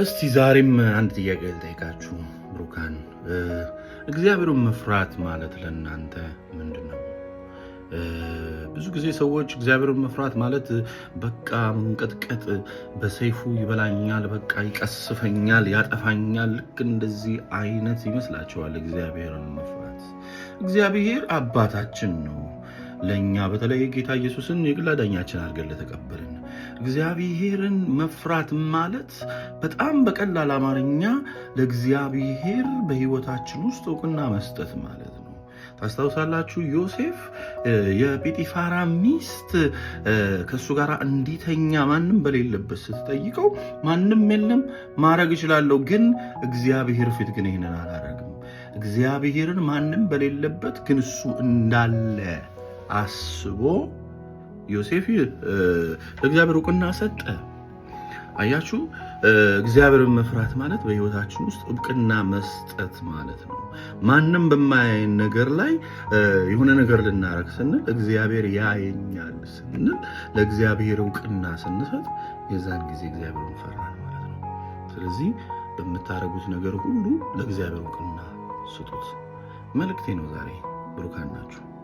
እስቲ ዛሬም አንድ ጥያቄ ልጠይቃችሁ ብሩካን፣ እግዚአብሔርን መፍራት ማለት ለእናንተ ምንድን ነው? ብዙ ጊዜ ሰዎች እግዚአብሔርን መፍራት ማለት በቃ መንቀጥቀጥ፣ በሰይፉ ይበላኛል፣ በቃ ይቀስፈኛል፣ ያጠፋኛል፣ ልክ እንደዚህ አይነት ይመስላቸዋል። እግዚአብሔርን መፍራት እግዚአብሔር አባታችን ነው። ለእኛ በተለይ ጌታ ኢየሱስን የግል አዳኛችን አድርገን ለተቀበልን እግዚአብሔርን መፍራት ማለት በጣም በቀላል አማርኛ ለእግዚአብሔር በሕይወታችን ውስጥ እውቅና መስጠት ማለት ነው። ታስታውሳላችሁ፣ ዮሴፍ የጲጢፋራ ሚስት ከእሱ ጋር እንዲተኛ ማንም በሌለበት ስትጠይቀው ማንም የለም ማድረግ እችላለሁ፣ ግን እግዚአብሔር ፊት ግን ይህንን አላረግም። እግዚአብሔርን ማንም በሌለበት ግን እሱ እንዳለ አስቦ ዮሴፍ ለእግዚአብሔር እውቅና ሰጠ። አያችሁ፣ እግዚአብሔርን መፍራት ማለት በህይወታችን ውስጥ እውቅና መስጠት ማለት ነው። ማንም በማያየን ነገር ላይ የሆነ ነገር ልናረግ ስንል እግዚአብሔር ያየኛል ስንል ለእግዚአብሔር እውቅና ስንሰጥ የዛን ጊዜ እግዚአብሔር እንፈራል ማለት ነው። ስለዚህ በምታደርጉት ነገር ሁሉ ለእግዚአብሔር እውቅና ስጡት። መልእክቴ ነው ዛሬ። ብሩካን ናችሁ።